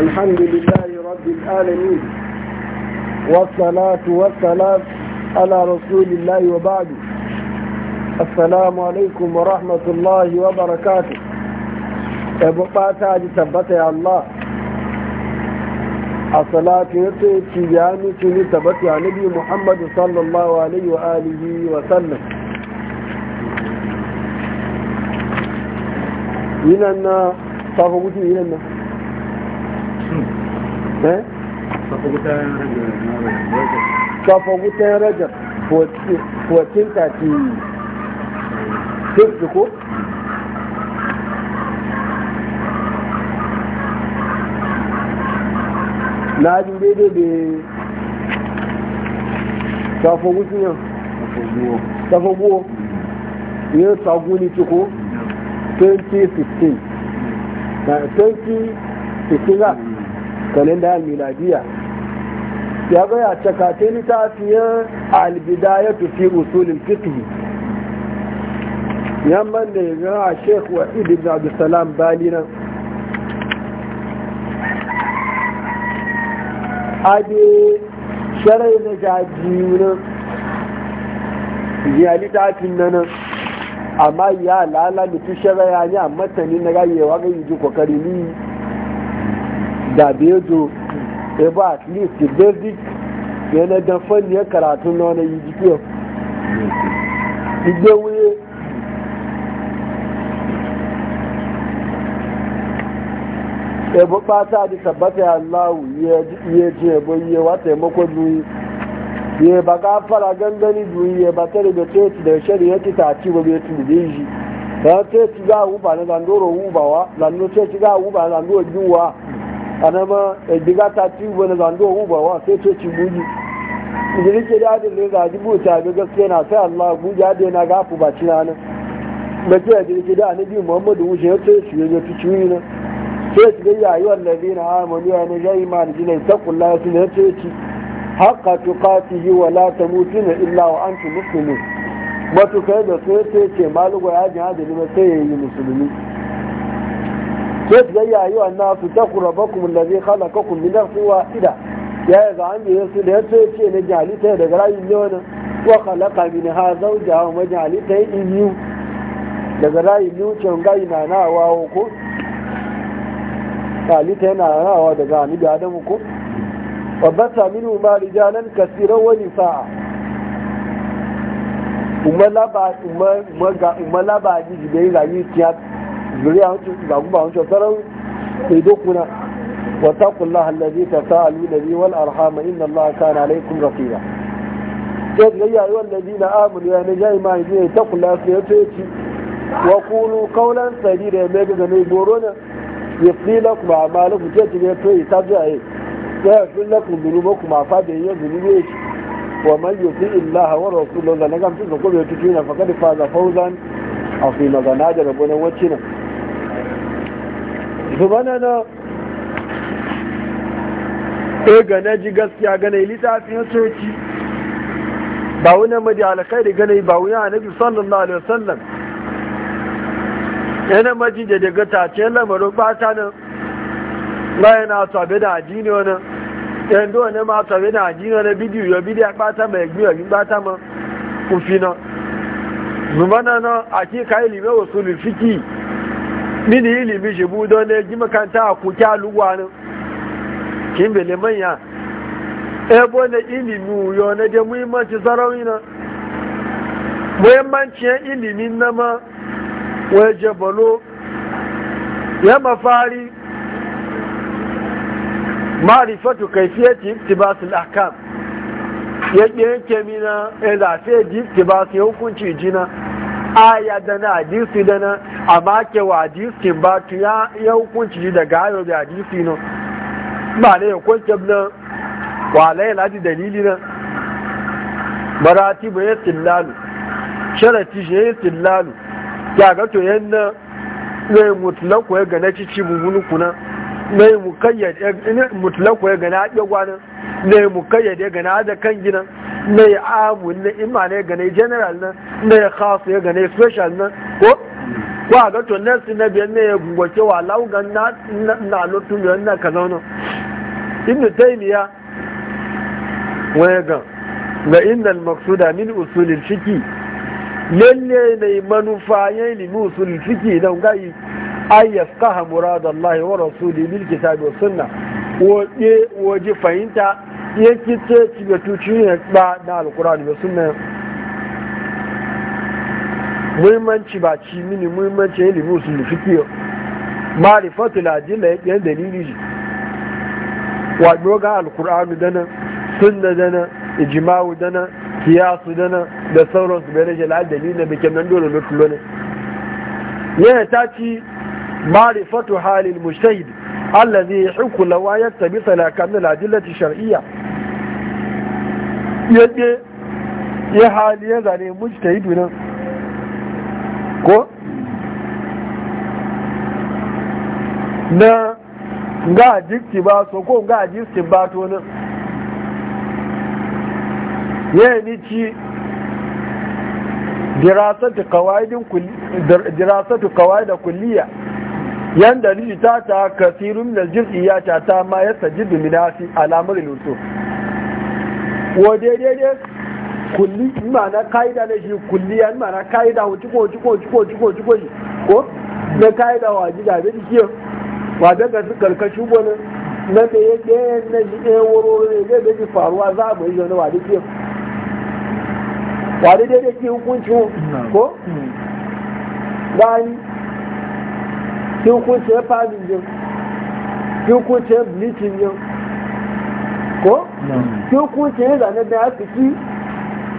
الحمد لله رب العالمين والصلاة والسلام على رسول الله وبعد السلام عليكم ورحمة الله وبركاته أبقى تاج ثبت يا الله الصلاة يتيجي يعني يا نبي محمد صلى الله عليه وآله وسلم يننا صافو يننا kafagutan rajar 1436 ko na ji daidai da kafagutan yau kafaguwa yin saguni 2015, 2016 2016 kalenda miladiya ya ga ya cakate littafiyar albidayatu fi usulin fiqh yamman da ya ga a sheikh wa ibn abdussalam bali nan Aje sharai na jajiyu nan ya littafin nan amma ya lalata sharai ya ne a matanin na gayewa ga yi ji kokari ni dabe to ebe at least basic yana e dan fanni karatu na wani yi jikiyo igbe wuye ebe kpata di sabata ya ji ebe iye wata taimako duniya ye ba ka fara gangani duniya ba da ya ga wuba na zandoro wubawa zandoro tsoci a wuba na zandoro anama eh, diga ta ci na zando ba wa sai to ci buji idan ke da adin ne zaji buta ga gaskiya na sai Allah buji adin na gafu ba ci nan da a idan ke da bi Muhammadu wuce ya ce shi ya ci ciwi na sai yi wa ayu na amanu ya ne jai iman jinai taqulla su ne ce ci haqqa yi wa mutu ne illa wa antum muslimun wato kai da sai ce malugo ya ji ne sai yi musulmi ke biyayya yi wa nasu ta kurabakun da zai halaka kun bi nan suwa ida ya yi za a yi su da ya ce ce na jalita ya daga rayu ne wani wa halaka min ha zau da hawa majalita ya in yiwu daga rayu ne wuce wa gai na nawa wa ko jalita yana nawa daga hannu da adamu ko wa ba sa min ma rijalan kasiran wani sa'a umma labaji da yi rayu tiyatu zuriya hancin su zagu ba hancin sarau sai dokuna wata kulla hallazi ta sa'alu da bi wal arhama inna ka na alaikum rafiya sai da yayi wallazi na amul ya ne jai ma ne ta kulla sai ya ce wa qulu qawlan sadida ya mega ga ne goro ne yafli lakum a'malukum ce ce ne to ita jai ya yafli lakum dhunubakum afa da yin dhunubi ومن يطيع الله ورسوله لنجم تزكوا بيتكينا فقد فاز فوزا عظيما غناجر ربنا zubana na e na ji gaskiya gane littafin soci ba wani madi alkhairi gane ba wani annabi sallallahu alaihi wasallam yana maji da daga tace lamarin bata nan bayan na tabe da addini wani yan do ne ma tabe da addini wani bidiyo yo bidiyo bata mai gbiyo yi bata ma kufi na zubana na a ke kayi limewa sulul fiki nínú ilimi ṣe bú dán ní ẹjí makanta àkókí alúwà ní kí n bèlè manya ẹbọ́ ní ilimi uyọ ní jẹ muhimmanci sarari na muhimmanci yan ilimi na ma wọ́n jẹ bọ̀lọ́ ya mafari marifatu kaifiyati tibasul akam ya ƙi kemi na ya zafi ya ji tibasul hukunci jina aya dana hadisi dana A make wa hadisi ba tu ya hukunci da gayo da hadisi nan, ba ne ya kwanke na wa lai lati dalili na marati ba ya tillalu sharati shi ya lalu, ya ga to yan na ne mutlaku ya gana cici bubunu kuna ne mukayyad mutlaku ya haɗe ya gwanin ne mukayyad ya gana haɗe kan gina ne amu na imane gane general na ne khas ya gane special na ko ko a gato nasi na biyan ne ya gugwace wa laugan na na lotu biyan na ka zauna ibnu taymiya waya ga ga innal maqsuda min usulil fiqi lalle ne manufa yayin limu usulil fiqi dan gai ay yafqaha murad Allah wa rasuli bil kitab wa sunna waje fahimta yake ce ci ga tuci ne ba da alqur'ani da sunna muhimmanci ba ci mini muhimmanci ya limu su da fikiyo marifatu na jila ya ƙiyar dalili ji waɗo ga alkur'anu dana sunna dana ijimawu dana kiyasu dana da su bai rage la'ad dalilin da nan dole na lone ne yana ta ci marifatu halin mushtahid allazi yuhku ta yattabi salakan al-adillati shar'iyya yadda ya hali ya zane mujtahidu nan ko na ga jikki ba so ko ga jikki ba to nan yayi ni ci dirasatu qawaidin kulli dirasatu qawaida kulliya yanda ni ta ta kasirun da jirgiya ta ta ma ya sajidu minasi alamul lutu wa daidai kulli ma'ana ka'ida na shi kulliya ma'ana ka'ida wuci ko wuci ko wuci ko wuci ko wuci ko ko na ka'ida wa ji da bin kiyo wa daga su karkashi gona na da ya ɗaya na shi ɗaya wuro ne zai da shi faruwa za mu yi wani wa da kiyo wa da dai ke hukunci ko gani ki hukunci ya fadin jin ki hukunci ya bleaching ko ki hukunci ya zane da ya fi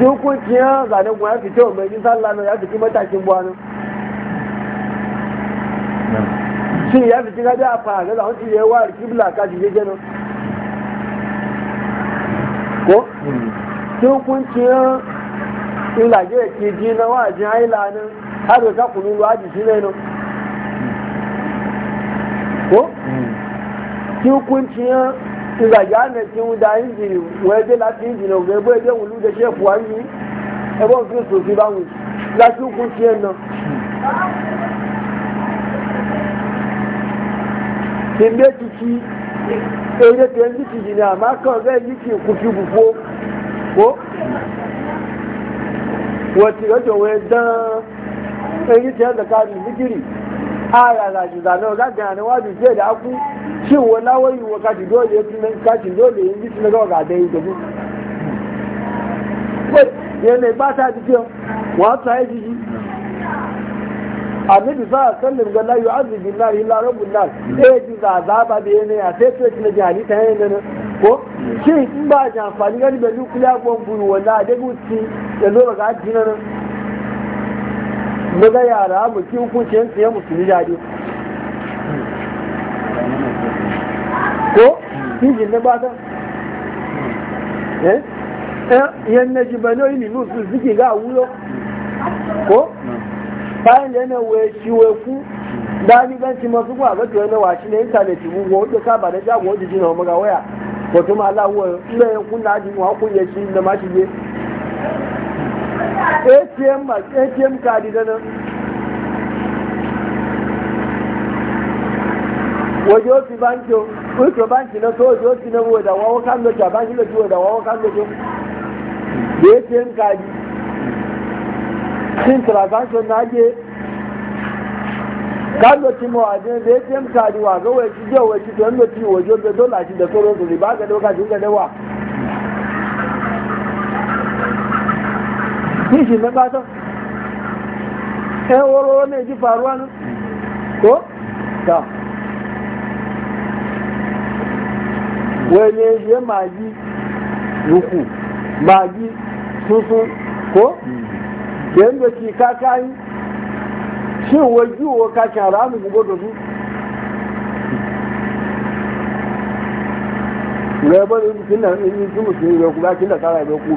ki hukunci ya zanen kuma ya fi kyau mai ya fi matakin buwanin shi ya fi kika da fa ga zawon ciye wa kibla ka shi yake nan ko ki ilage ya ke ji na wajen haila nan har da ka kunu shi ne nan ko mm. ìgbà ìyá àmì tí ń da ìjìnì wọ́n ẹgbẹ́ láti ìjìnì ògbẹ́ ẹgbẹ́ ẹgbẹ́ òun lúdẹ ṣe fún wáyé ẹgbọ́n kí oṣù fi bá wù láti kú sí ẹ̀ nà. ìgbé títí eré tẹ̀ ń títí jìnì àmọ́ kàn bẹ́ẹ̀ ní kí kú sí gbogbo kó wọ́n ti rọ́jò wọ́n dán eré tẹ̀ ń dàkárì nígìrì. aya za ji zane ga gane wa ji da aku shi wala wai wa ka ji dole ka ji dole yin ji na ga da yin dubu ba ta wa ta yi ji annabi sa sallam ga la illa eh ji za za ba da ya sai to kin ji hadita yana nan ko shi in ba ji amfani ga ni ba nuclear bomb wala da gutti da zo ga ji maza yara mu ki hukuncin su ya musulmi jadi ko injin na ba ta eh, eh yan na jibano ili nusu ziki ga wulo ko bayan da yana we shi we ku dani ban ci masu kwa ga tuwa na washi na intanet mu wo da ka ba da jago da jina mu ga waya ko ma Allah wo ne kun da ji mu hakun ya shi da ma shi je atm atm kadi da nan waje ofi banki banki na so waje ofi na wawo kan wawo kan da atm kadi sin transaction na kan da atm kadi wa ga waje jiya don waje da dola shi da sauransu ga lokacin da dawa kishi na ɓatan ɗan eh, warwaro ne ji faruwa nan ko? ta wani ya magi ruku magi susu ko? yadda ki kakayi shin waji wa kakin haramu gugu da su gaba da mutum na mutum mutum ya kuma kin da tsara da ku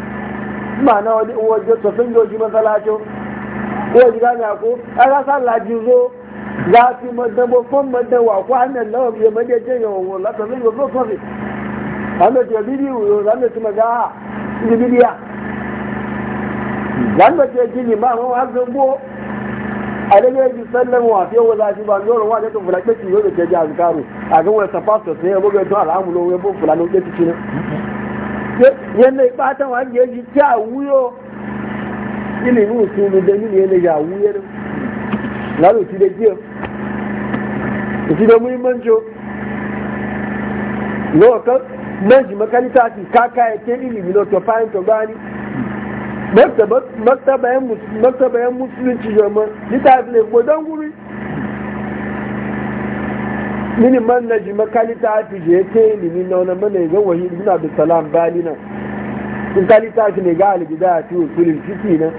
mana na wani wajen tsoffin yoji masalacin ko ji gane a rasa laji zo za fi madabo fon madawa ko hannun lawan ya madajen yawon wula tsoffin yoji tsoffin hannun ta bidiyo yau zanen su maga ji bidiya zanen ta ji limamin har zambo a daga yi sallan wa fiye wa zafi ba zoron wa jakin fulakeci yau da ke ji a ga wani safasto sai ya buga to al'amulo ya bu fulanin ƙetci ne yadda ya ɓata wa ya ji ta wuyo ilimin usulu da yin yadda ya wuyar na rufi da jiya rufi da muhimmancio lokacin manji makarita ce kaka ya ke ilimi na tofayin tobani martabayan musulunci ta littafi ne godon guri mini man na ji makalita fi je ce ni nini na wani mana ga wahi ibn abdulsalam bali nan in kalita fi ne ga alibida a fi usulin fiki nan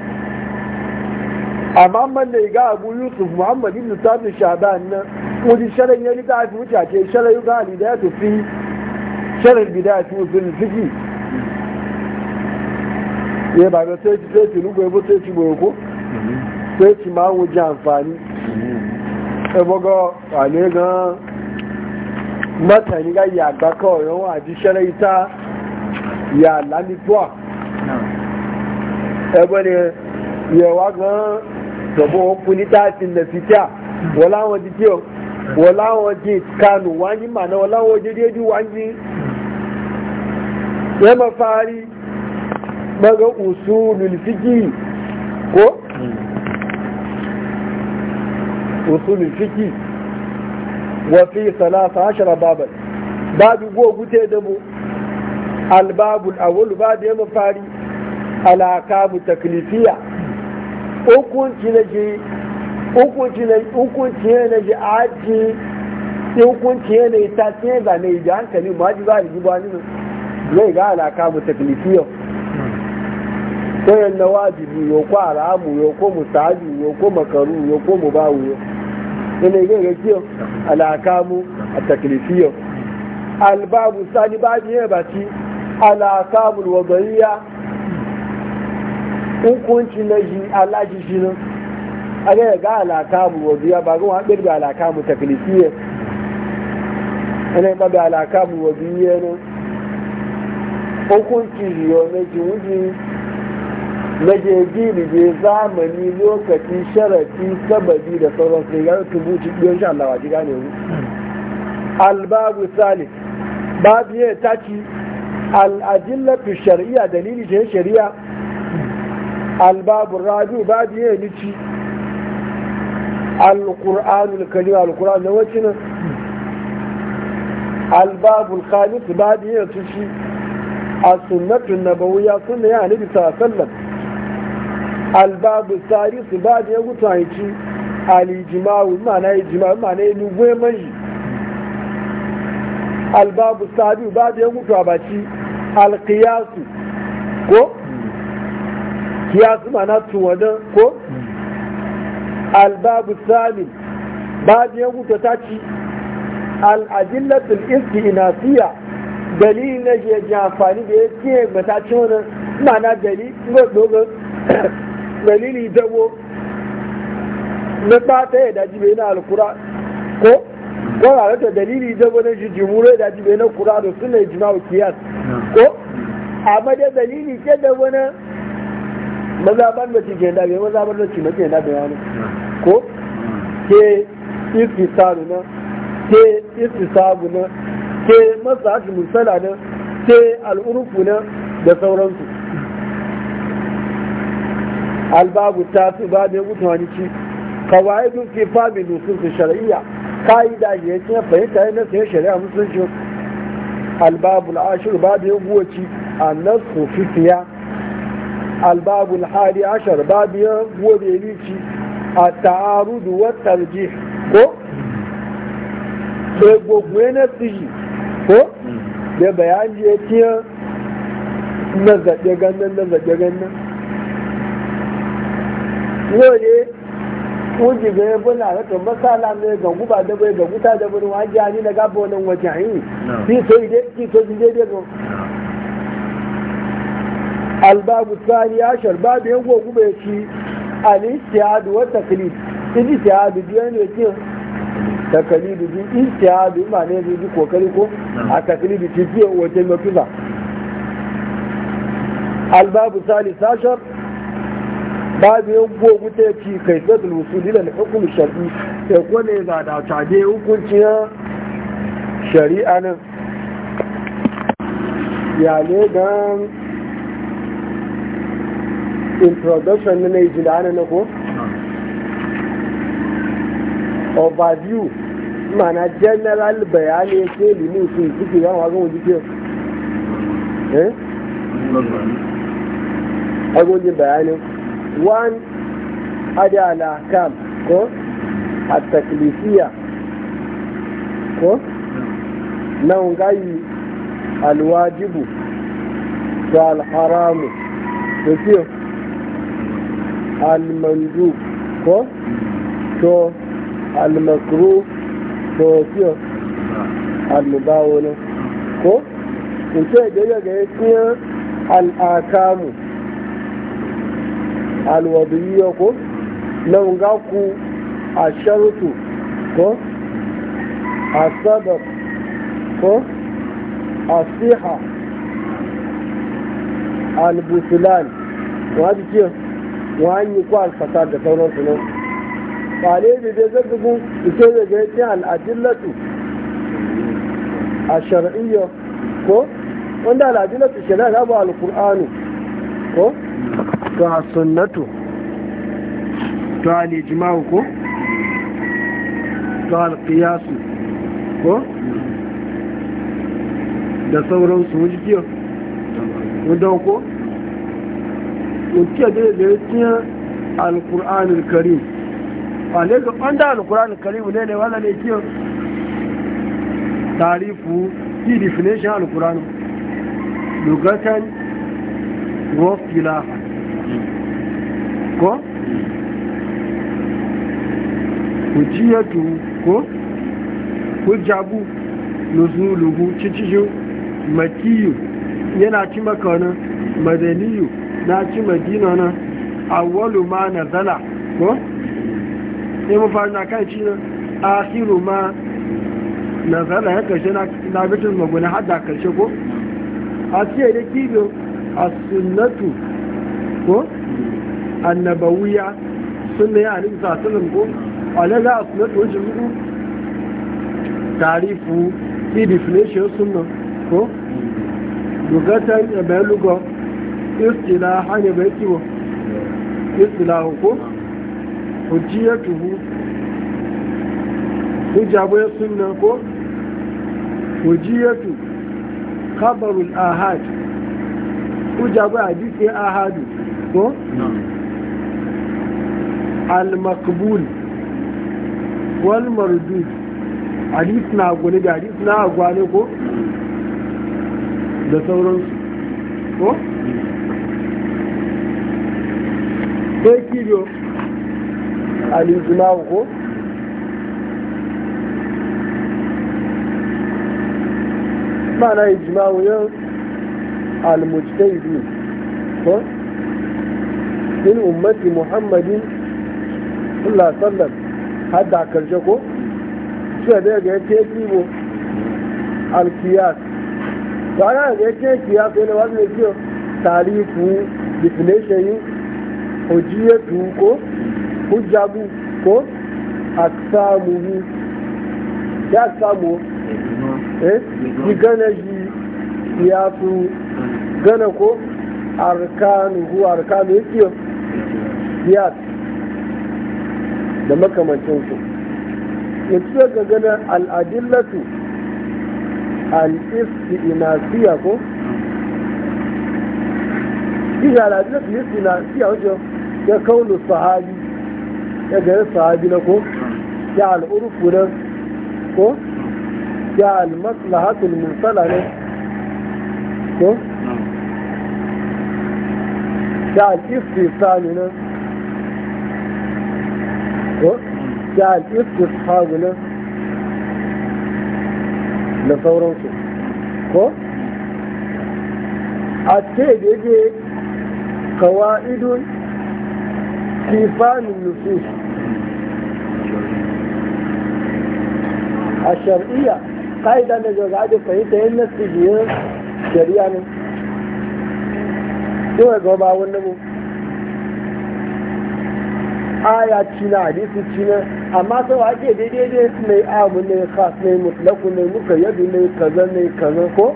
amma man na ga abu yusuf muhammad ibn sabi shaban nan wani sharan ya rika fi wuce ce sharan yuga alibida ta fi sharan bida fi usulin fiki ya ba ga sai ci sai ci rugo ya bu sai ci boye ko mm-hmm. sai ci ma wuce amfani ẹgbọ́gọ́ mm-hmm. àlẹ́gán mọ́tàní ká yà àgbákọ̀ ọ̀rọ̀ wọn àti ṣẹlẹ̀ ìta yà lálípọ̀ ẹgbẹ́ ni yẹ̀wà gan tọ̀bọ̀ wọn kú ní táàtì nẹ̀fítíà wọ́n láwọn ti tí o kanu wọ́n yí màná wọ́n láwọn ojú wọ́n yí yẹ́ mọ́ fárí òṣù lùlùfíjì kó òṣù hmm. lùlùfíjì wa fi salasa ashara baban babu go gute da mu albabul awwal babu ya mafari alakamu taklifiya hukunci na ji hukunci na hukunci na ji aji hukunci na ta ce da ne da hankali ma ji ba ji ba ni zai ga alakamu taklifiya ko yan nawajibi yo ko aramu yo ko musabi yo ko makaru yo ko mubawu yo yana yi ga kiyo alakamu a taklifiyo albabu sani ba ji yana baci alakamul wadariya hukunci na ji alaji shi nan a ga ga alakamul wadariya ba ga wani ɗirga alakamul taklifiyo yana yi ɓaga alakamul wadariya nan hukunci yi yau na ji wujin majeji rije zamani lokaci sharafi sababi da sauran sai ga tubuci biyan sha Allah waji gane mu albabu salih babu ya taci al'adilla fi shari'a dalili ce shari'a albabu rabi babu ya nici al-qur'anul karim al-qur'an na wacin albabu khamis babu ya tushi as-sunnatu nabawiyya sunna ya nabi sallallahu alaihi wasallam albabu sari ba da ya gutu a yanci alijimawu mana ijimawu mana ilu gwe mai albabu sari ba da ya gutu a baci alkiyasu ko kiyasu mana tuwadan ko albabu sami ba da ya gutu ta ci al'adillatul iski inasiya dalilin na je amfani da ya ce mata ci wani mana dalilin dalili dawo na ɓata ya daji bai na alkura ko wala da dalili dawo na shi jimuru ya daji bai na kura da suna ya jima'u kiyas ko amma da dalili ke da wani mazaban da cike da bai mazaban da cike mace na wani ko ke istisaru na ke sabu na ke masu hajji musala na ke al'urufu na da sauransu albabu ta su ba da mutu wani ci kawai dun fi fami nusun su shari'a ka'ida ya ce fahimta ya nasu shari'a musulunci albabu al'ashir ba da ya guwaci a nasu fifiya albabu al'adi ashar ba da ya guwabe ni ci a ta'arudu wa tarjih ko sai gogwe na tsiji ko da hmm. ji ya ce na zaɓe ganin na zaɓe ganin lóye wọ́n jì bẹ́ẹ̀ bọ́lá rẹ̀ tó bọ́ sáà láàmú ẹ̀ gàngú bá dẹ́gbẹ́ ẹ̀ gàngú tá dẹ́gbẹ́ ni wọ́n á jẹ́ àní lẹ́gà bọ́ ọ̀nà wọ̀jà yìí kí tó ìdé kí tó babu yan gogu bai shi ali istihadu wa taklid in istihadu biyan ne ce takalidu bi istihadu ma ne zai bi kokari ko a takalidu ci biyan wajen mafiza albabu sani ashar babu yan gogu ta ci kai zazul wusuli da hukum shar'i ya kone za da tade hukuncin shari'a nan ya ne don introduction na ijilana na ko overview mana general bayani ya ce limu su suke yawon wagon wajen eh? agonjin bayanin one ada al'akam ko a taklifiya ko nan gayi alwajibu da alharamu da fiye almandu ko to almakru to fiye almubawo ko in ce daga ga ya fiye al'akamu alwadiyo ko nanga ga ku a sharutu ko a sabab ko a siha albutulan wani ce wani ku alfasar da su nan ƙwale da dai zargabin ito da gaicin al'adillatu a shar'iyya ko wanda al'adillatu shari'a ga ba alkur'anu ko to a ta to jima'u ko to alƙiyasu ko da sauransu wujikiyo wadau ko wujikiyo da da ya tiya al'ur'anul karim alaikun wanda al'ur'anul karim ne ne wanda ne kiyo tarifu ki definition al'ur'anul lugatan wasu ilaha ko hujjiyatu ko hujjabu nuzuluhu ciciju makiyu yana ci makana madaniyu na ci madina na awwalu ma zala ko ne mu fara na kai ci na asiru ma zala ya karshe na labitin maguna hada da karshe ko a ce da kibiyo a sunatu ko annabawiya sunna ya annabi sallallahu alaihi wasallam ko wala a sunna to jimu tarifu ki definition sunna ko lugatan ya bayan lugo istilahan ya bayan kiwo istilahu ko sunna ko ahad hadisi ahadu ko al-makbul wal mardud hadis na gwani da hadis na gwani ko da sauransu ko? sai kiriyo al-ijma'u ko? ma'ana ijma'u yau al-mujtahidin ko? min ummati muhammadin Allah sallar har da karshe ko suna da ga yake tibo alkiyas to ana ga yake kiyas ne wani ne kiyo tarifu definition eh? yi hujiyatu ko hujjabu ko yi ya samu eh ki gana shi kiyasu gana ko arkanu ko arkanu ya yake kiyas da makamancin su yanzu ga ganin al'adillatu al'istinasiya ko ina al'adillatu istinasiya wajen ya kaunu sahabi ya gari sahabi na ko ya al'urfu nan ko ya al-maslahatul mursala ne ko hmm. ya al-istisani nan أخو قال اسكت حاولة لصورة وشو أخو أتيد يجيك قوائد كيفان النصوص الشرعية قايدة نجوز عادة فهيتة إن السجير شريعنا شو يقوم عاونا aya cina hadisi cina amma sau ake daidai su mai abu, ne khas ne mutlaku ne muka yadu ne kaza ne kaza ko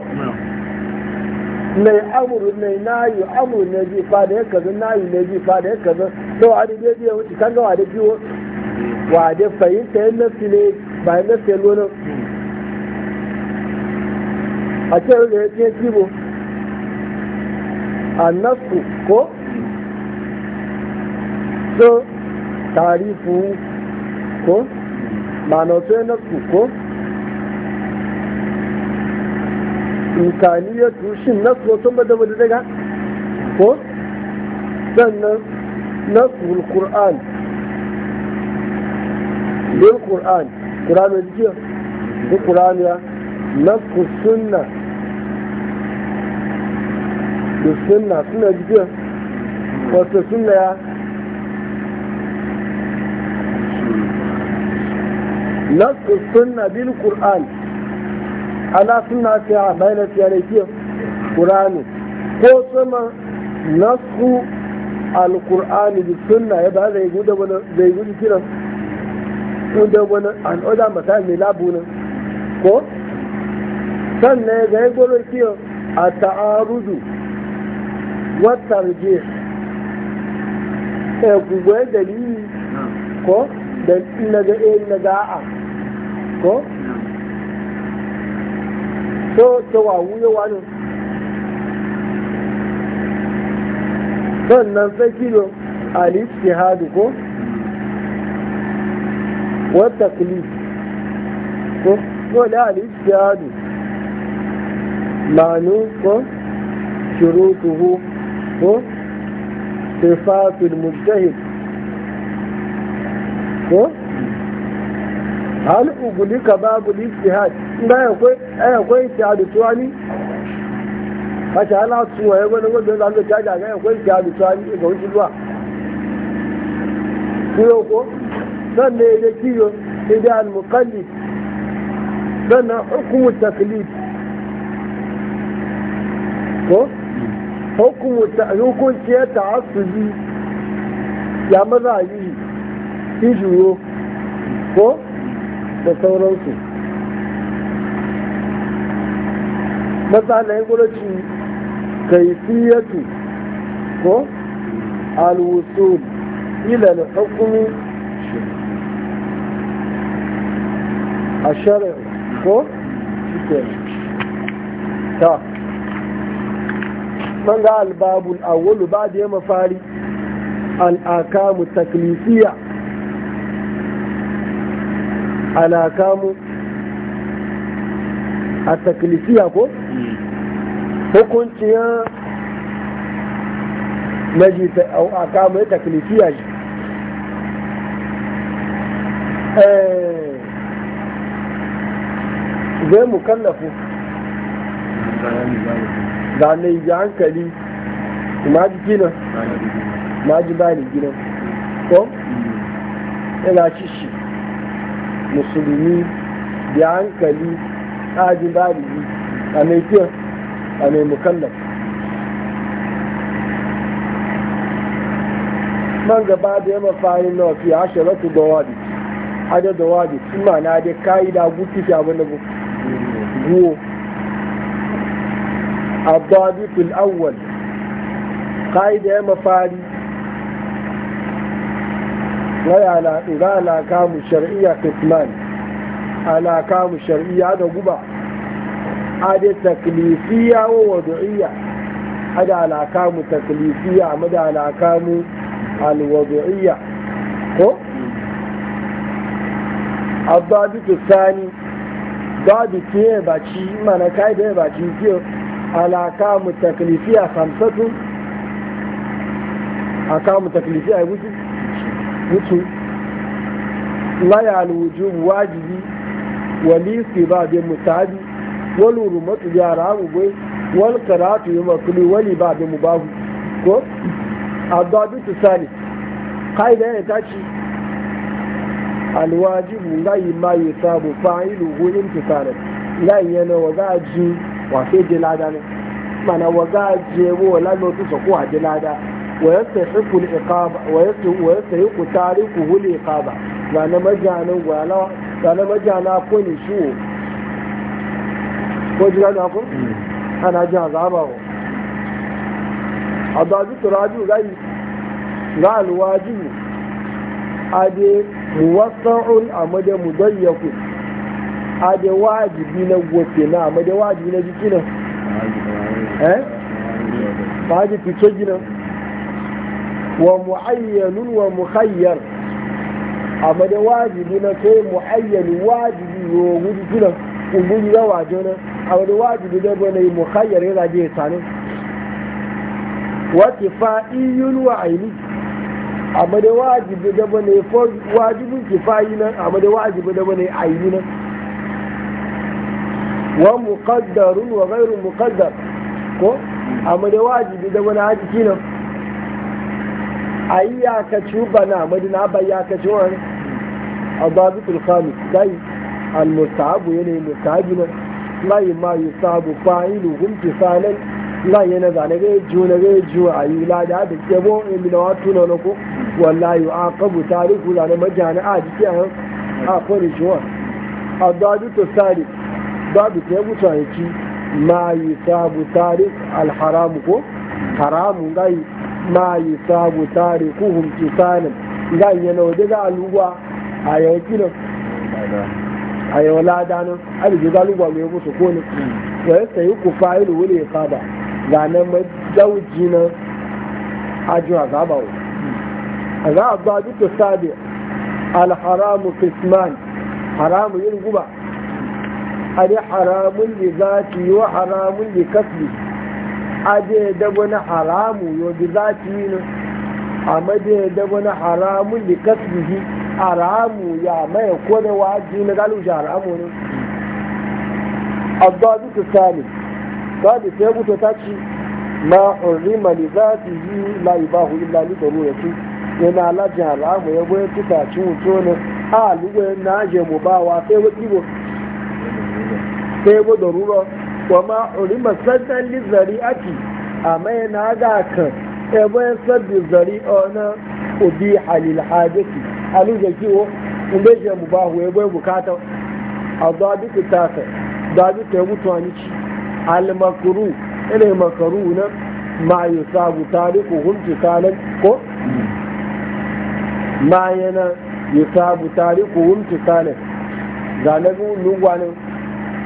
mai amuru ne yi amuru ne ji fada ya kaza yi ne ji fada ya kaza sau a daidai dai wuce kan ga wade biyo wade fahimta ya nafi ne ba ya nafi ya lona a ce da ya ce kibo a nasu ko so tarifu ko manofe na ko na shin nasu ba da bada daga ko sannan na qur'an bil qur'an qur'an ne jiya ko qur'an ya nasu sunna da sunna suna jiya wato suna ya نص السنة بالقرآن على سنة عبالة يليكيه قرآن قوسما نص القرآن بالسنة يبقى هذا يقول ده زي يقول كده وده وانا عن أدى مثال ملابونا ko سنة ga ya gwaro kiyo a ta'arudu wata rije e gugwe dalili ko da naga e naga a ko so to wa wuyo wani sannan sai kilo al-ijtihad ko wa taklif ko ko alif al hadu. ma'nu ko shurutuhu ko sifatul mujtahid ko hal ugulika babu ijtihad ba akwai akwai ijtihad tuwani kace ala tuwa ya gwada gwada da zaka ta ga akwai ijtihad tuwani ga wuce zuwa kiyo ko sanne da kiyo idan muqallid na hukumu taklid ko hukumu ta hukunci ya ta'assubi ya maza ijuro ko da sauransu matsalayin gwamnati kaifiyatu ko alwusul ila da hukumi a shari'a ko shike ta manga albabul awwalu ba da ya mafari al'akamu taklifiya alakamu a takilisiya ko hukunciyar maji a kama ya takilisiya ji eh, zai mu kallafu ga na yi hankali ma ji gina ma ji ba gina ko? Mm. ina shi shi musulmi da hankali ajin baligi a mai kyau a mai mukallaf man gaba da yamma fayin na fi asharatu da wadi ada da wadi sun ma na dai kayi da guti fi abin da guwo abdabitul awwal kayi da yamma fari waya ga alakamu shari'a kitman alakamu shari'a da guba a da taklifiya wa wadu'iyya a da alakamu taklifiya a da alakamu alwadu'iyya ko? Abba abadu sani babu ke baci mana kai da baci ke alakamu taklifiya a akamu taklifiya ya gudu wuce laya alwujub wajibi wali ba bi mutabi wal hurmatu bi haramu bai wal karatu bi makuli wali ba bi mubahu ko adabi tusali qaida ne ta ci alwajibu ngai ma yusabu fa'iluhu imtisalan ngai yana wagaji wa sai jilada ne mana wagaji wo lalo tusa ko ajilada ويستحق الإقامة ويستحق تاركه الإقامة وانا مجانا ولا وأنا مجانا أكون شو وجل أنا أقول أنا جاهز عمره أضاجي تراجو غاي غا الواجب أدي موسع أمد مضيق أدي واجبين وفينا أمد واجبين جكينا أه واجب في تجينا wa mu'ayyanun wa mukhayyar amma da wajibi na kai mu'ayyan wajibi yo gudu tunan unguni ya wajo na amma da wajibi da bane mukhayyar yana je tsane wa kifaiyun wa aini amma da wajibi da bane wajibin kifayi nan amma da wajibi da bane aini na? wa muqaddarun wa ghairu muqaddar ko amma da wajibi da bane aji nan a yi ya yakaci bana madina ba yakaci wani abazu tulkani dai almustahabu yanayin mustahabi na layi ma yi sabu fa'ilu gumfi sanan layi yana zane ga jiyo na ga jiyo a yi lada da kebo emina wato na nako wallahi a kabu tarihu zane majana a jiki a yan a kori jiwa abazu tulkani babu ta yabu ci. ma yi sabu tarih alharamu ko Haramu haramun yi. ma yi sabu tare kuhun kisanin ga yi yana waje a lugwa a yau kinan a yau ladanin za a lugwa mai musu kone wa ya sayi ku fa'ilu wule ya saba ga nan mai dauji na ajiyo a wa a za a ba duka sabi alharamu kisman haramu yin guba a ne haramun da zaki wa haramun da kasbi aje dabo na haramu yau bi za ki yi a maje dabo na haramu da kasbihi haramu ya maye kone wa ji na galu shi haramu ne abdadu ta sani sani sai mutu ta ci ma hurrima li za ki yi la ibahu illa li darurati yana lajin haramu ya goyi tuta ci wuto ne a lugu na je mu ba wa sai wa kibo sai wa darura wa ma urima sannan li zari'ati amma yana ga kan ebo ya sabbi zari'a na ubi halil hajati alu da kiwo inda bai je mu bahu ebo ya bukata a zabi ku tasa zabi ta mutu wani ci almakuru ina makaru na ma yi sabu tariku hunci kanan ko ma yana yi sabu tariku hunci kanan zanen lugwanin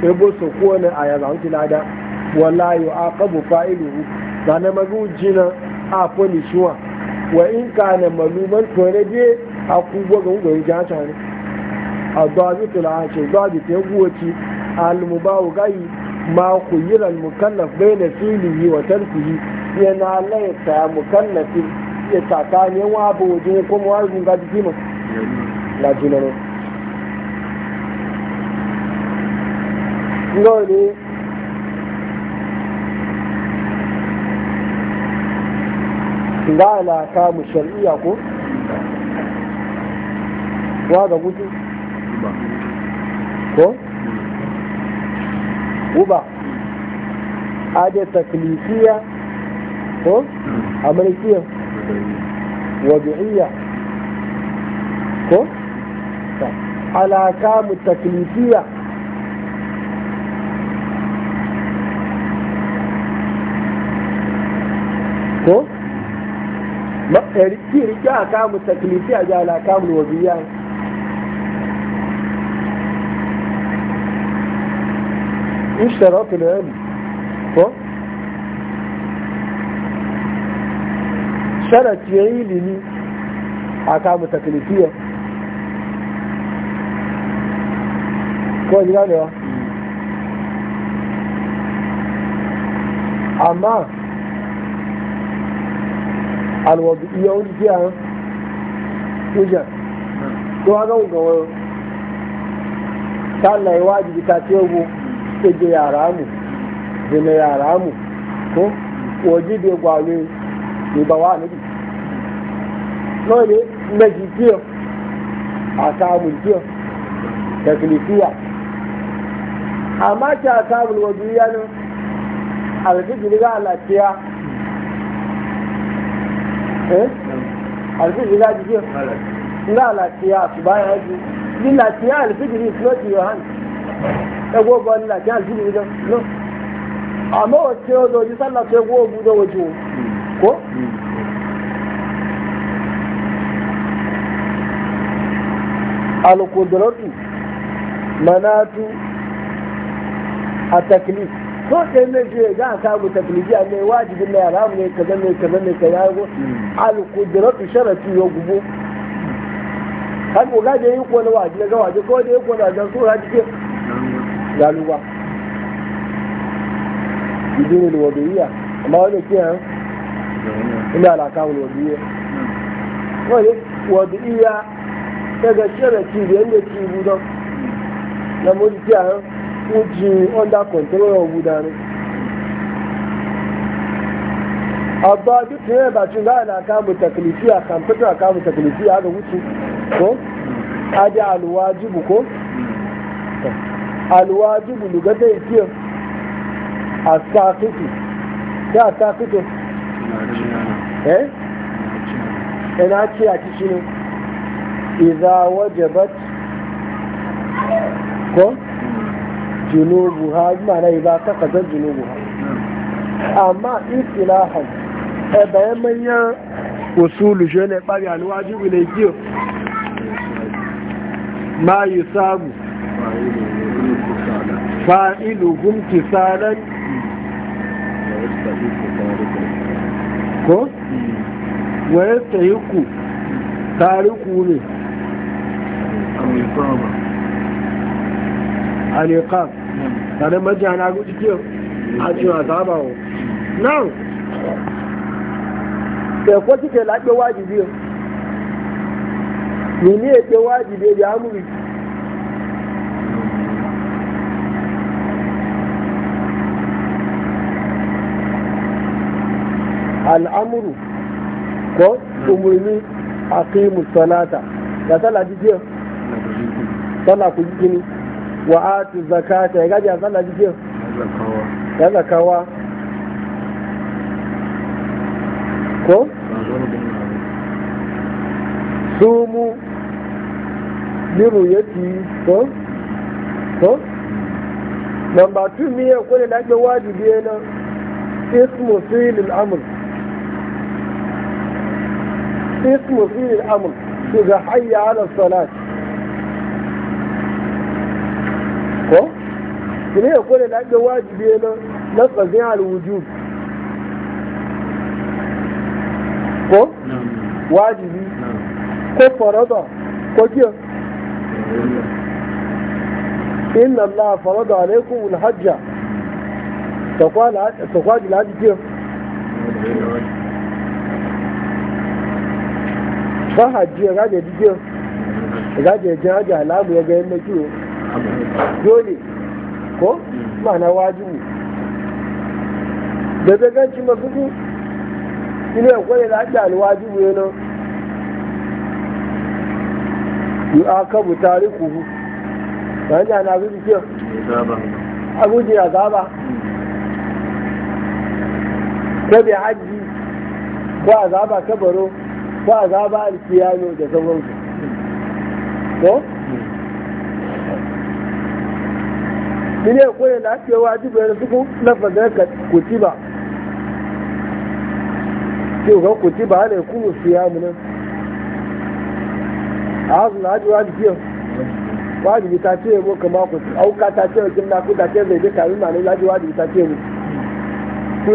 ebo so ko ne aya ba unti lada wala yu'aqabu fa'iluhu kana magujina a poli shuwa wa in kana maluman to ne je akugo ga ungo ja ta ne adabitul a dabit ba almubawu gayi ma kuyira almukallaf bayna filihi wa tarkihi yana laita mukallafin ya tsakanin wa abu wajen kuma wa ga jikima la jinano لوني لا كام الشرعية أقول وهذا قلتي كو وبا أجا تكليفية كو أمريكية وضعية كو طيب. على كام التكليفية ko eh, riki riki a kamu taklifi a jala kamu wabiya ishtaratu da yami ko sharaci ya yi lini a kamu taklifiya ko jiranewa. ne hmm. amma alwadu iya wani jiya wujar ko haka wuka wani ta Allah ya wajibi ta ce mu ke yara mu zina yara mu ko waje bai gwale ne ba wa nabi lórí méjì díẹ̀ àtàwù díẹ̀ tẹ̀kìlìfíà àmáṣe àtàwù wọ̀dúrí yánu àlùfíjì nígbà àlàkíyà Eh? alfijir ya ji nga lafiya su baya ji e ni lafiya alfijir is not your hand ẹgbẹ́ ni lafiya alfijir is no àmọ́ wace o lòdì sálà tó ẹgbẹ́ òbu tó wojú kó. alukodratu manatu ko ɗaya ne shi ga a samu tafiliya ne wajibin na yara ne kaza ne kaza ne ka yago alƙudratu sharafi ya gubo kan ko ga yi ko na wajibi ga wajibi ko da yi ko na dan sura cikin galuwa da alwadiyya amma wani ke han ina alaka alwadiyya wani wadiyya daga sharafi da ci na jin under control of wudani abba duk ne ba cin za na kamun taklifiya kan fito a kamun taklifiya ga wuce ko aji alwajibu ko alwajibu lugata ikiyar a sakitu ta a sakitu eh ina ce a cikin iza wajabat ko junubuha ma'ana idan ta kasar junubuha amma istilahan a eh, bayan manyan usulu shi ne ɓari alwajibu ne kiyo ma yi samu fa'ilu gumti sanan ko? waye ta yi ku tariku ne al'iqam tàbí mọ́jì al'amuru ko a kai musalata da sallah jijiyar sallah ku jikini wa atu zakata ya gaji a sallah jike ya zakawa ko Su mu liru ya ti ko ko namba 2 miye kone da ake wajibi na ismu filin amur ismu filin amur su ga hayya ala salat ko ne ya kone na ga wajibi na lafazin alwujub ko wajibi ko farada ko kiyo inna allaha farada alaikum alhajja takwaji alhaji kiyo fahajji ya gaje dikiyo ya gaje jihajji alamu ya ga na kiyo dole ko mana wajibu da zaganci mafi su ina kwaye da ake alwajibu nan yi aka bu kuhu. ta hanyar na bi kiyar abuji ya zaba ta bi hajji ko zaba kabaro ko zaba alkiyano da sauransu ko ilé ẹ̀kọ́ yẹn láti ẹwà àdúgbẹ̀rẹ̀ tó fún lẹ́fẹ̀ẹ́ kò tí bà tí ò kọ́ kò tí bà á lè kú lò sí àmì náà àásùn láti wá di kíọ̀ wá ta tí kò tí àwọn ká tí kí n náà tí ẹ̀ tó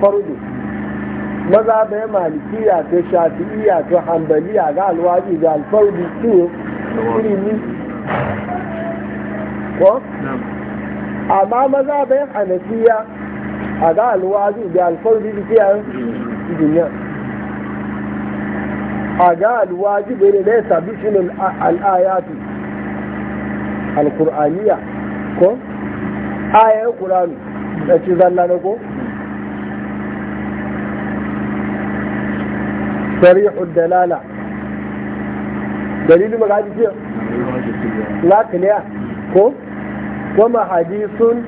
fún fún maza bai malikiya ta shafi'iya ta hambaliya ga alwaji ga alfarbi su ilimi ko amma maza bai hanafiya a ga alwaji ga alfarbi da kiya duniya a ga alwaji bai da ya sabi shi ne al'ayatu alkur'aniya ko ayayin kuranu da ci zalla na ko sarihul dalala dalilin magaji ce latiniya ko kuma hadisun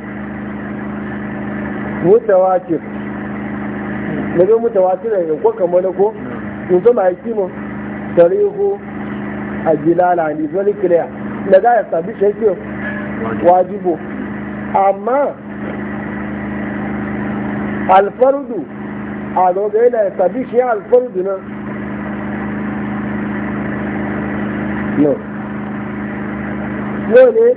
mutawatir na zai mutawatir da yanko kamar ko in zama ya kimo sarihu a jilala ne zai kiliya za a sabi shaikiyar wajibu amma alfardu a ya sabi shi nan no dole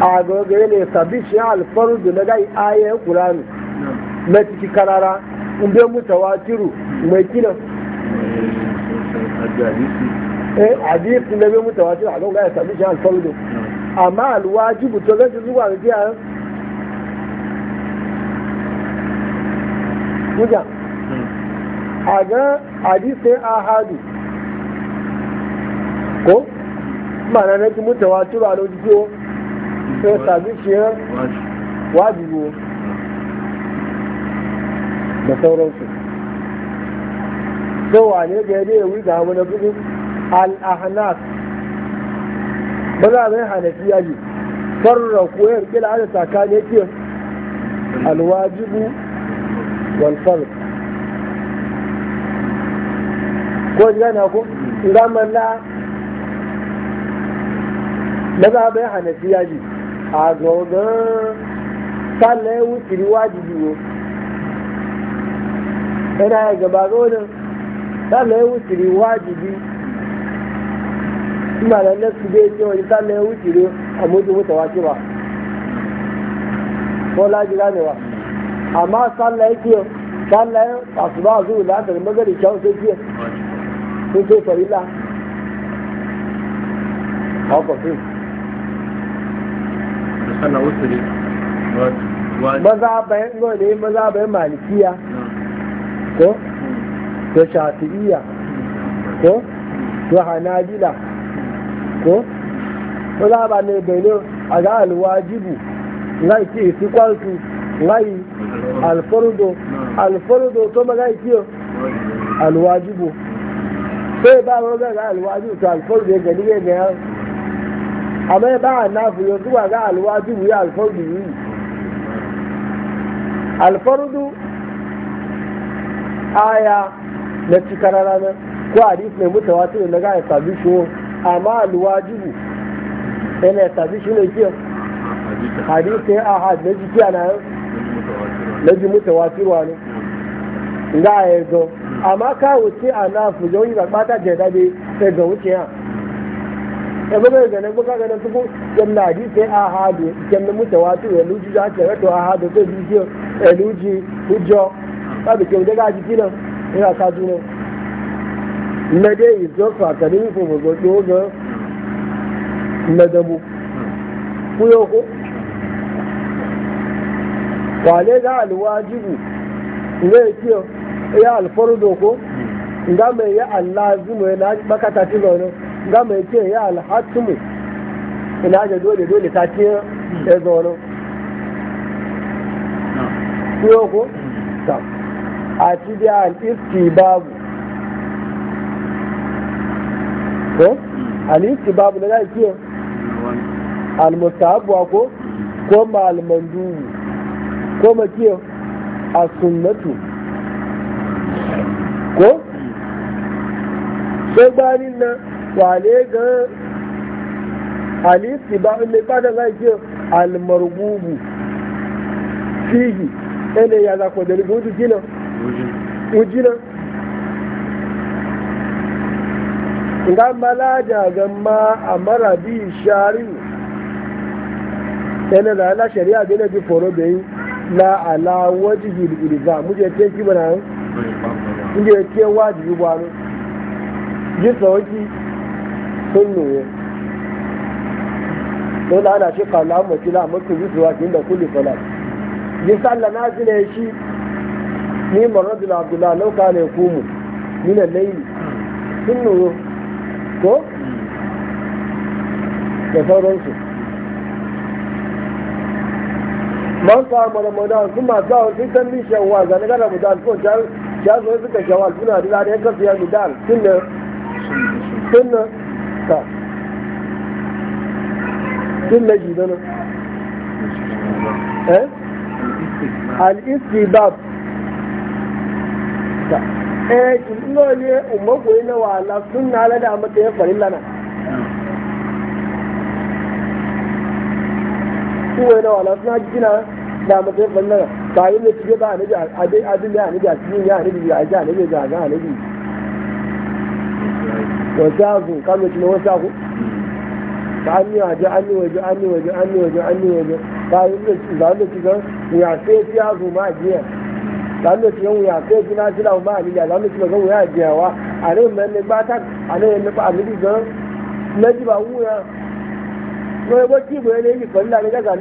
a gogaye ne sabishin alfaru da na gai ayayen kuranu na ciki karara in bai mutawatiru mai kinan eh hadisi na bai mutawatir a gogaye sabishin alfaru da amma alwajibu to zai zuwa ga jiya kuja a ga hadisi ahadu mana na jimu mutawa tura na lo jiyo sai sabi shi ya wajibu da sauransu sai wane da ya dai wuri ga hamu na bugu al ba za a mai hanafiya ne farra ko ya rike la'ada tsakani yake alwajibu wal farq ko ko idan man la mazhabin hanafiya ji a zogon sallah ya wuce wajibi ne yana ya gaba zonin sallah ya wajibi kuma da nasu bai ce wani sallah ya a mutu mutu wace ba ko laji ganewa amma sallah ya ke sallah ya asuba zuwa lasar magari kyau sai ke sun ce farila a kwafin ana usuri maza bayan gole maza bayan malikiya ko da ko da hanabila ko maza ba ne bayanin a ga alwajibu ngai ce su kwansu ngai alfardo alfardo to ma ngai ce alwajibu sai ba ga alwajibu to alfardo àmọ́ ẹ bá ànáfù yóò túbọ̀ ká àlùwájú wíyá àlùfọ́dù yìí àlùfọ́dù aya na cikar ko hadisi mai mutawa tun na ya sabi shi amma alwajibu yana ya sabi shi ne kiyo hadisi ahad na jiki ana yau na ji mutawatirwa ne ga ya amma ka wuce a nafu yau yi ba ta jada da buga ga nan buga ga nan tuku janna di sai a hadu janna muta wato ya luji za ta rato a hadu sai ji ya eh, luji hujjo ba da kyau daga jiki nan ina ka juna na dai zo fa ka ni ko mu zo na ku kiyo ya ko nga mai ya na ga mai ce ya alhakimu ina da dole dole ta ce ya zaune ko ko ta a ci da al'iski babu ko hmm. al'iski babu na zai ce almustahabu ko hmm. ko ma almandu ko ma ce a sunnatu ko hmm. sai bayanin nan wale ga alisi ba ne kada za ki almargubu fihi ene ya za ko da gudu jina ujina nga malaja ga ma amara bi shari ene da la sharia bi ne bi foro be yi la ala wajihi al-ilzam muje te ki bana muje te wajibi bwano jisa waki Sun sunnu don ana shi kala amma kila amma ku zuwa kin da kulli salat ji sallah na zile shi ni marradul abdullah law kana ni min al Sun sunnu ko da sauransu man kama ramadan kuma za a fi san mishan wa zane ga ramadan ko ja zo suka shawal suna da ya kasu ya midan sunna sunna ta tun na jidana eh al-istibab ta eh kinno ne umma koyi na wala sunna la da mata ya farilla na koyi na wala sunna gina da mata ya farilla lana. ba yin da tuje ba anabi abin da anabi a cikin ya anabi ya ji anabi ga ga anabi wajazu kamun cikin wasa ku ta an yi waje an yi waje an yi waje an yi waje an yi waje ta yi da da cikin wuya sai fiya ma jiya ta da cikin wuya sai fi na jira ma aliya ta da cikin wuya jiya a nan mai ne ba ta a nan ne ba a miji na ji ba ko ba ne ne daga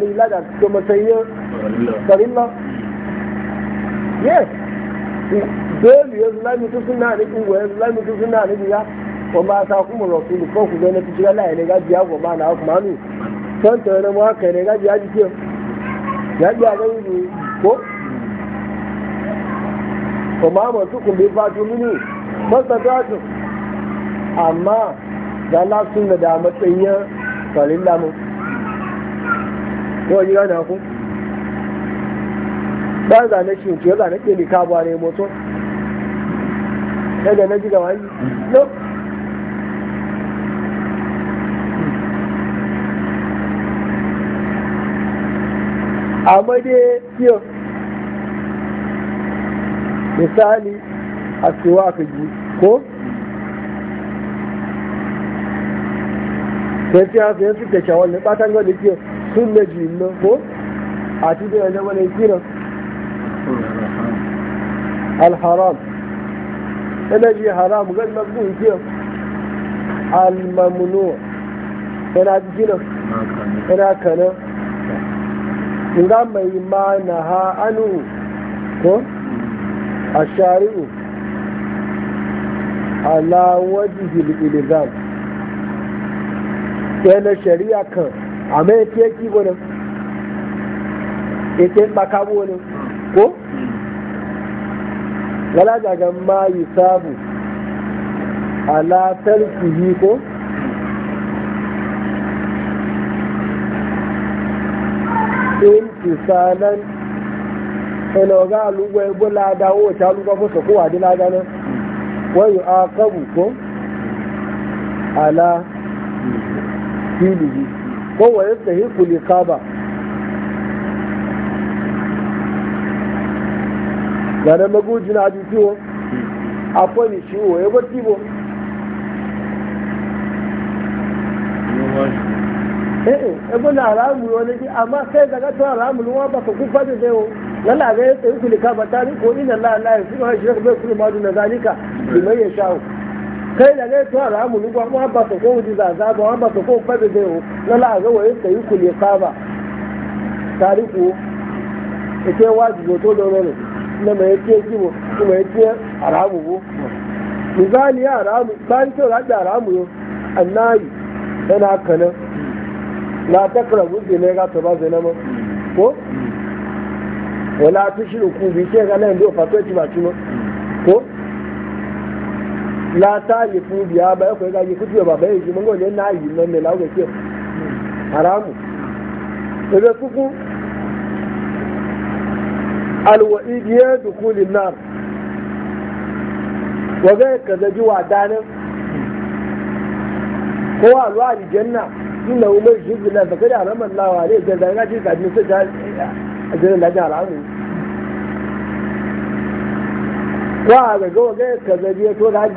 yes dole yanzu lamitu suna ne kungo yanzu lamitu suna ko ba ta kuma rasulu ko ku zai na fi shiga laye ne ga biya ko ba na kuma hannu son ta wani ma kai ne ga biya jike ya biya ga yi ko ko ma ma su kun bi fatu mini masa fatu amma da la sun da da matsayin salin lamu ko yi gana ku ba zane shi ce zane ke ni ji amma dai yau misali a cewa ka ji ko sai fi hafi yansu ke shawar ne batan gwada ke sun na ji nan ko a cikin yanzu wani kiran alharam yana ji haram gan na kun ke almamunu yana ji kiran yana kanan nga mai ma na ha anu ko a shari'u ala wajihil ilizam na shari'a kan a mai teki gudun ita baka gudun ko gala daga ma yi sabu ala tarfihi ko imtisalan ina ga alugo ebo lada o ta alugo fo ko wa dilada na wa yu'aqabu ko ala filihi ko wa yastahiqu kaba gana maguji na aji ciwo akwai shi wo, ya bar ciwo eh, eh. ebe na alamu wani bi amma kai daga ta alamu ba ka kufa na zai lalla ga ya tsayi kulika ba ta ị na la ala ya suka shi bai kuma madu na zalika liman ya shawo kai daga ta alamu ruwa ma ba ka ko ji zaza ba ba ka ko kufa da zai ga wa ya tsayi kulika ba tariku ite wajibi to na mai yake kibo kuma yake aramu aramu aramu la takrabu zina ga to ba ma ko wala tushriku bi ce ga nan do fato ci ba ma ko la talifu biya ba ko ga ji kutuwa ba bai ji mun go ne na yi nan ne la go ce haramu kuku alwa'id aljanna ina umar shi bila da kada haramar lawa ne da zanga ce ka jinsu ta ajiyar da ta haramu ko a ga gawa gaya ka zabi ya to da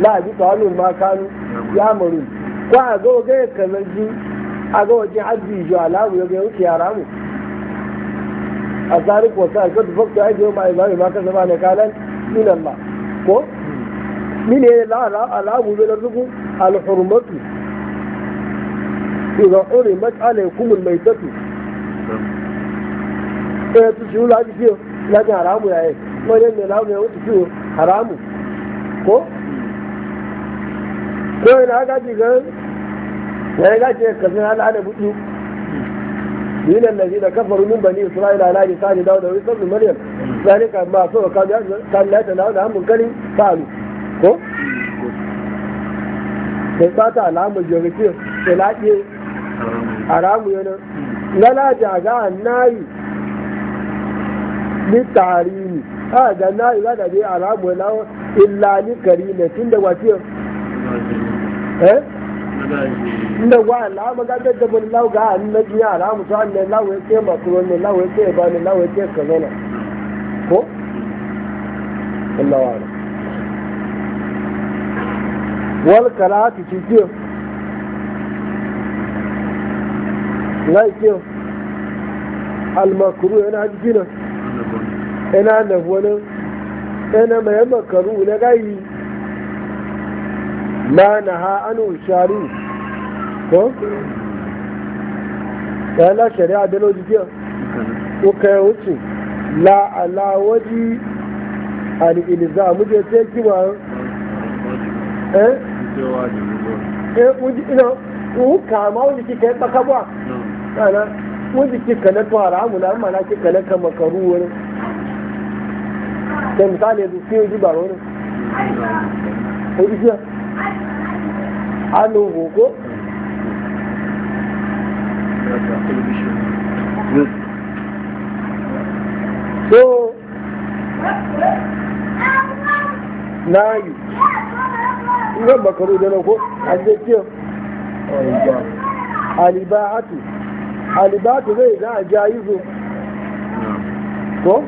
na a ji kanu ma kanu ya maru ko a gawa gaya ka zabi a gawa ji hajji ji alamu ya gaya wuce haramu a tsarin kwasa a kwasa fokta ya gaya ma ibari ma ka zama da kanan min ma ko mine la la alamu bi razuku al ke zaɓore matsalar hukumar mai tafi ɗaya ya tushe wula ji ciwo lajin haramu ya yi kuma yadda ya lamu ya wuce ciwo haramu ko? ko yana haka ji ga yana haka ji ga kasin al'ada buɗi min allazi da kafaru min bani isra'ila ala ji sani dawo da wisan maryam sani ka ba so ka ga kan da ta dawo da hamun kari salu ko? sai ta ta alamu jirgin ke lafiya haramu yana lala jaga nayi ni tarini a ga nayi za ka je haramu yana illa ni kari ne tun da wace eh inda wa Allah maga da dabban lau ga annabi ya haramu to Allah lau yake makro ne lau yake ba ne lau yake kazana ko Allah wa wal karatu cikin ngai kiyo yana hajjina yana nafwanin yana mai makaru na gayi ma na ha anu shari ko ya la shari'a da lo jikiya ko kai wuce la ala waji al ilzamu je sai kiwa eh eh ina u kama wani kike baka ba ana wanda ke kala to haramu na amma na ke kala ka makaru wani da misali yanzu sai yanzu ba wani wani shi hannu boko so na yi ina makaru da na ko a ke ce alibahatu alibatu zai za a ja ko?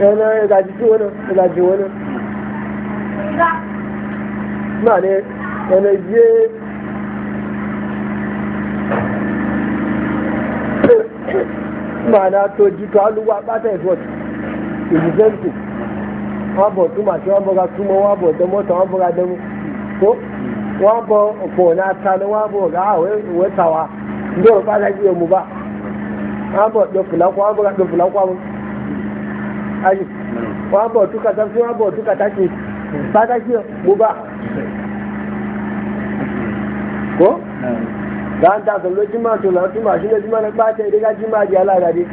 yana ya gaji ci wani ya gaji wani na ne yana je mana to ji to aluwa bata ya zuwa ìdíjẹ́ǹtì wọ́n bọ̀ túmọ̀ sí wọ́n bọ̀ra túmọ̀ wọ́n bọ̀ dẹ́mọ́tọ̀ wọ́n bọ̀ra dẹ́mọ́ tó wọ́n bọ̀ ọ̀pọ̀ náà ta ni wọ́n bọ̀ ọ̀gá àwẹ̀ ìwé tàwa. ndoro ba za ki mu ba an bɔ dɔ fila kɔ an bɔ ka dɔ fila kɔ ayi wa an bɔ tu ka taa an bɔ tu ka taa ci ba za ki mu ba ko k'an ta sɔrɔ lɔ jima to la tuma si lɔ jima na kpa tɛ de ka ma di ala ka di.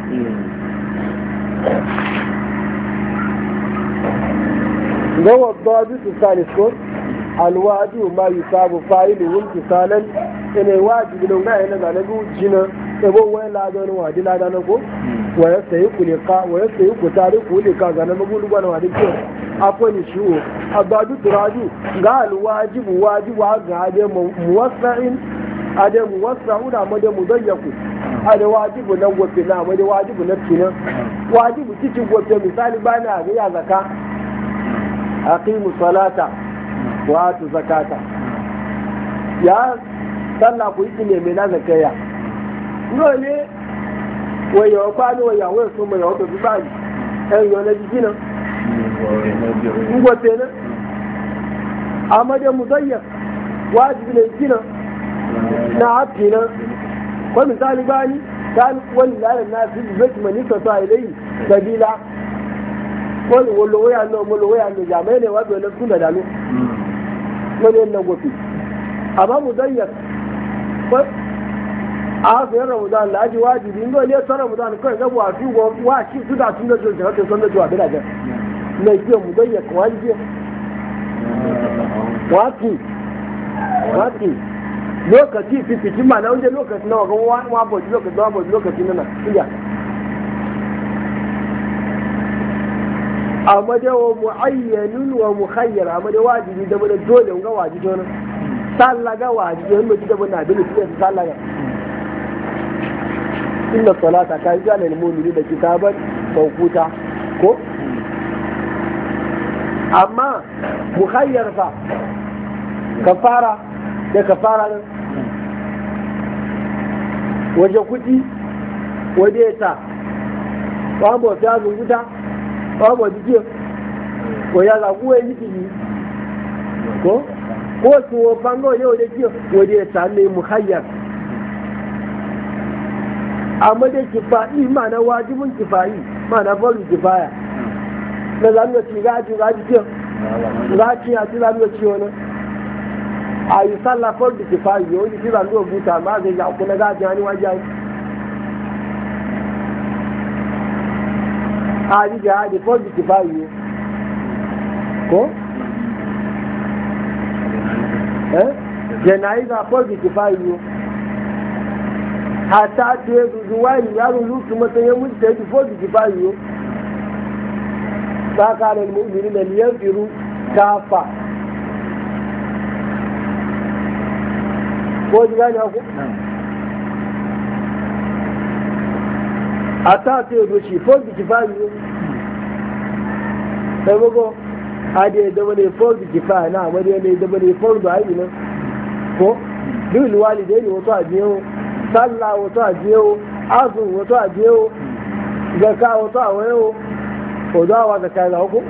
gawa ba su sani ko alwaju ma yusabu fa'ilu wun tisalan ene wajibi non ga yana ga nagu jina e bo wai la ga wa di la ga na ko wa ya sai ku le ka wa ya sai ku tare ku le ka ga na magu lugwa na wa di ko apo ni shiwo abadu turaju ga al wajibu wajibu ga de muwassa'in ade muwassa'u da mu de mudayyaku ade wajibu na gobe na mu de wajibu na tina wajibu cikin gobe misali bana ga ya zaka aqimu salata wa atu zakata ya sallah ku yi ne mai na zakaya dole wayo kwano waya wai so mai ɗan na jiki nan nan amma dai mu zayya wajibi ne jiki nan na hafi nan kwa misali bani kan wani lalin na fi zai manisa sa ilai sabila wani waya nan waya nan jamai ne wato na suna dalo wani gwafi amma mu zayya ba a fiye ramadan aji wajibi ngo ne san ramadan kai ga wa fi wa shi su da tun da su da tun da jiwa bila ga na ji mu ya wati wati lokaci ma na lokaci na wa lokaci lokaci na na iya amma dai wa wa amma dai wajibi da dole ga wajibi sallaga wa jihar mai gida wani abin da suke su sallaga inda salata ka yi zanen mumini da kitabar mawukuta ko amma muhayyar fa kafara da kafara nan waje kuɗi waje ta ƙwambo ta zunguta ƙwambo jijiyar ko ya zaguwa yi ko ko su wo bango yau da jiya wani ya sami mu hanyar amma dai kifa'i ma'ana wajibin kifa'i ma'ana farin kifaya na zamuwa ci gaji gaji ce gaji ya ci zamuwa ci wani a yi sallah farin kifa'i yau yi ci zamuwa buta ma zai ya kuna gaji hannu wajen a yi gaji farin kifa'i ko jẹ̀nàíza pọ́ọ̀gì ti fa ìlú àtàtì ètùtù wá ìlú arúgbó tùmọ̀tò yẹn múlùtì ètù pọ́ọ̀gì ti fa ìlú báka rẹ̀ ni mo bìrì lẹ̀ nìyẹn fìrú káfà pọ́ọ̀gì rẹ̀ ni ọkọ̀ àtàtì ètùtù pọ́ọ̀gì fa ade da wani fardu kifa na amariya ne da wani fardu ayi nan ko bil walidai ne wato ajiyo sallah wato ajiyo azun wato ajiyo zaka wato awayo ko da wa zaka da hukun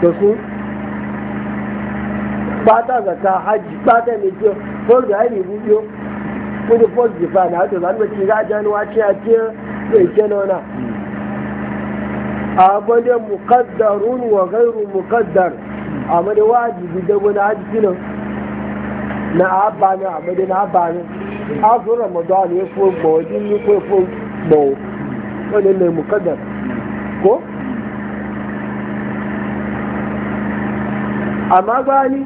to su bata zaka haji bata ne jiyo fardu ayi ne bubiyo ko da fardu kifa na to zan ba ci ga januwa ci a ce ke nona abin muqaddarun wa ghairu muqaddar amma da wajibi da wani hadisi nan na abba na amma da na abba ne azu ramadan ya fo gbo din ni ko fo gbo wannan ne muqaddar ko amma gani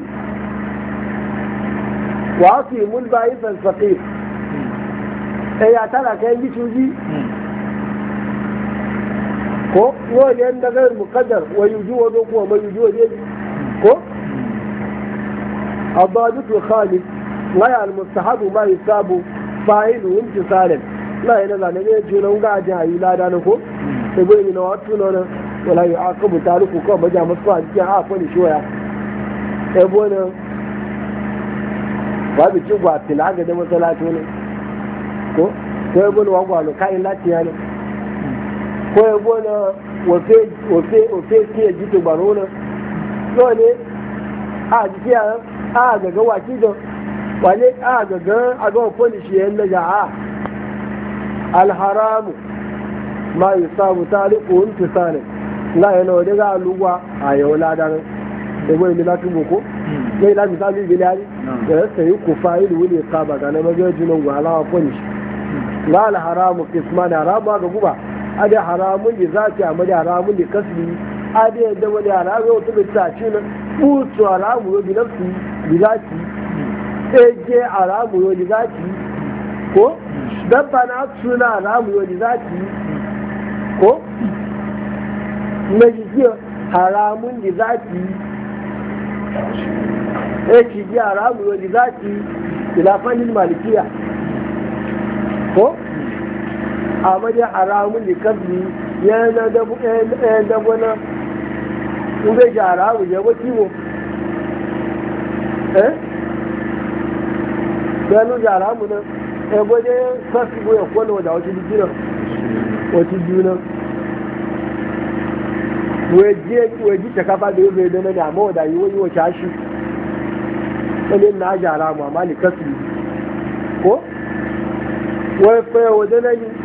wa su fi mulbayi falsafi eh ya tara kai gicuji hmm. ko wani yan da gairu mukaddar wa yuju wa doku wa mai yuju wa jeji ko abadu khalid ngaya al mustahabu ma yusabu fa'ilu imtisalan la yana zane ne junan gajin ayi lada na ko sai bai ni na watu na na wala yi akabu tariku kawai maja masu a cikin a kwani shoya ya bona babu ci gwa tilaga da masalaci ne ko sai bona wa gwalo lati ya ne ko ya gona wafe fiye jito baro nan a jiki a a gaga waki don wale a a gawa polishi yan daga a alharamu ma yi samu tariku wani tisani na yana wani ga aluwa a yau ladan da wani milatu boko hmm. ya yi lami sami bilari da ya sayi kufa ilu wani saba ga na magajin hmm. na alharamu haramu ada haramun da za ta yamu da haramun da kasbi ada yadda wani haramun wata da ta ce nan mutu haramun yau da nafsi da za ki eje haramun yau da za ki ko dabba na suna haramun yau da za ki ko mai jiki haramun da za ki ya ci ji haramun yau da za ki ilafanin malikiya ko amma dai haramun da kabli yana da wani kuma ji haramun ya wata kiwo eh yanu ji haramun nan ya eh, gwada sassi ko ya kwallo da wata jikina wata juna waje ta kafa da yau bai dana da amma wadayi wani wata shi ɗanin na ji haramun amma likasri ko wai faya wajen na yi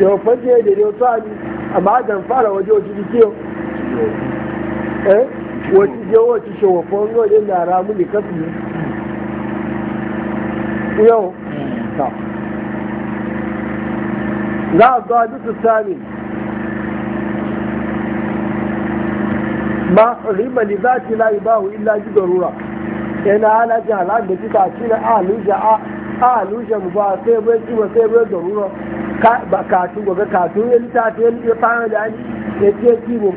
yau fashe da yau tsari amma dan fara waje wace ji kiyo eh wace shawafon yau na ramu ne kafi yau ta za a zuwa duk sami ma rima li za ta layi bahu illa ji darura yana halajin halar da ta cire ahalusha ahalusha mu ba sai bai ci ba sai bai ba katu gobe katu yin ta ya fara da an ya ce kibo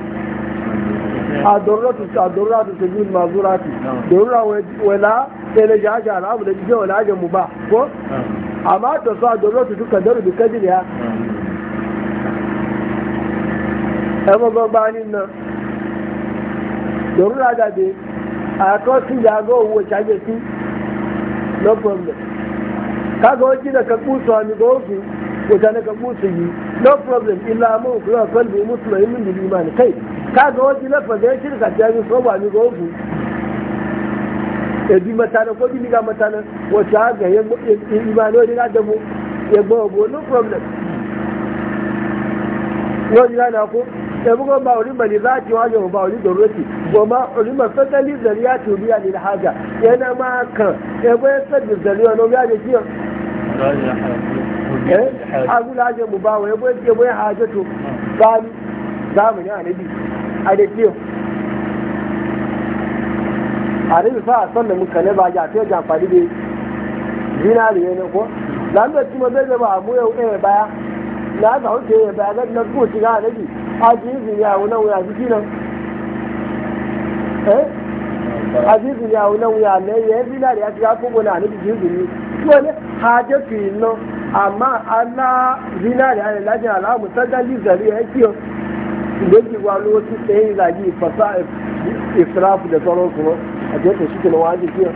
ah. a dorratu a dorratu ta jin mazurati dorra wala sai na jaja al'amu da jiya wala ajan mu ba ko amma ah. ta so a dorratu duka daru da kajin ya ɗan ah. magbanin nan dorra da be a kawai sun jago owó caje su no problem kaga wajen da ka kusa ni ga wasu musu yi no problem illa mu kula kalbi mutmainin bil imani kai kaga wani lafazi ya shirka ta yi so ba ni go ku e bi mata da ko bi ga mata na ta ga ya imani wani ga damu ya go go no problem yo ni na ko e bu ko ba wani bali za ki wa ba wani doroti goma ulima fadali zariya bi ya lil haja yana ma kan e bu ya sabbi zariya no ga da kiyo Eh? agula je mu ba wa yabo je bai hajatu bani zamani annabi a da kiyo a nabi fa a san da muka ne ba ja fiye jamfani da zinariye ne ko lan da kuma zai zama a muyau ɗaya baya na ga hauke ya baya ga nan ko shiga a ji zuriya wannan wuya jiki nan eh a ji zuriya wuya ne ya shiga ji ne nan amma Allah zinari a lalajin alamu ta dalil zari ya kiyo da yake wasu tsaye zagi fasa israfu da sauran kuma a jefa shi kina wajen kiyo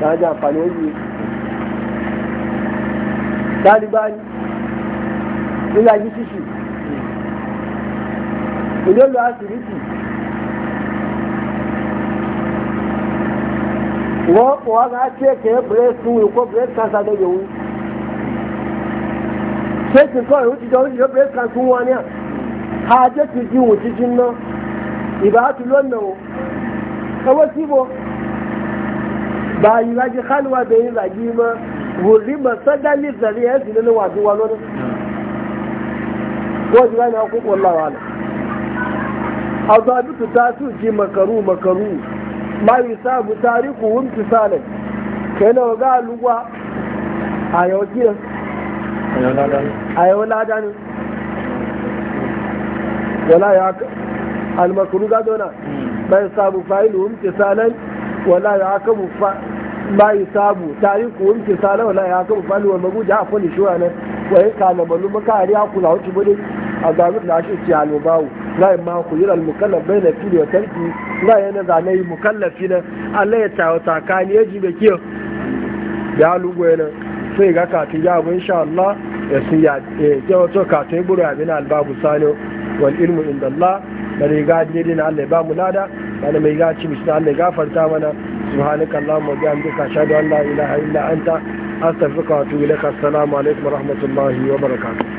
na ji amfani wajen talibani ina yi shishi idan da asibiti wọ́n wọ́n á ṣe kẹ́ breast ko breast cancer lẹ́yìn òun kawai kọ́ ìwé jíjọ ìjọ bẹ́ẹ̀ kan tún wọn ní à ajé ti di wò jíjí ná ìbá ti lọ́nà o ẹwọ́ sí bo báyìí wájú kálíwá bẹ̀yìn làjí mọ́ wò rí mọ́ sọ́jà ní ìzẹ̀lẹ̀ ẹ̀ sì nínú wàdí wa lọ́nà wọ́n ti wáyé náà kókó lọ́wọ́ àlọ́ àwọn àdúgbò makaru makaru máa yìí sáàbù táríkù wọ́n ti sálẹ̀ kẹ́nà luwa. àlùwà àyọ̀kí náà. ayo lada ne wala ya almakuru gado na hmm. bai sabu fa'ilu umti salan wala ya aka mu bai sabu tariku umti salan wala ya aka mu fa'ilu wal maguja a fani shuwa nan wa yin kana balu maka a aku la wuce bude a gabir da shi ci almubawu la ma ku yira almukallaf bai na fili wa tarki la yana zane yi mukallafi na Allah ya tawo takani ya jibe kiyo ya lugu yana sai ga katin ya abu insha Allah ya sun ya ya wato katin buru ya bin albabu sano wal ilmu inda Allah da riga dini na Allah ba mu lada da mai gaci mishi na Allah gafarta mana subhanaka allahumma wa bihamdika ashhadu an la ilaha illa anta astaghfiruka wa atubu ilaik assalamu alaikum wa rahmatullahi wa barakatuh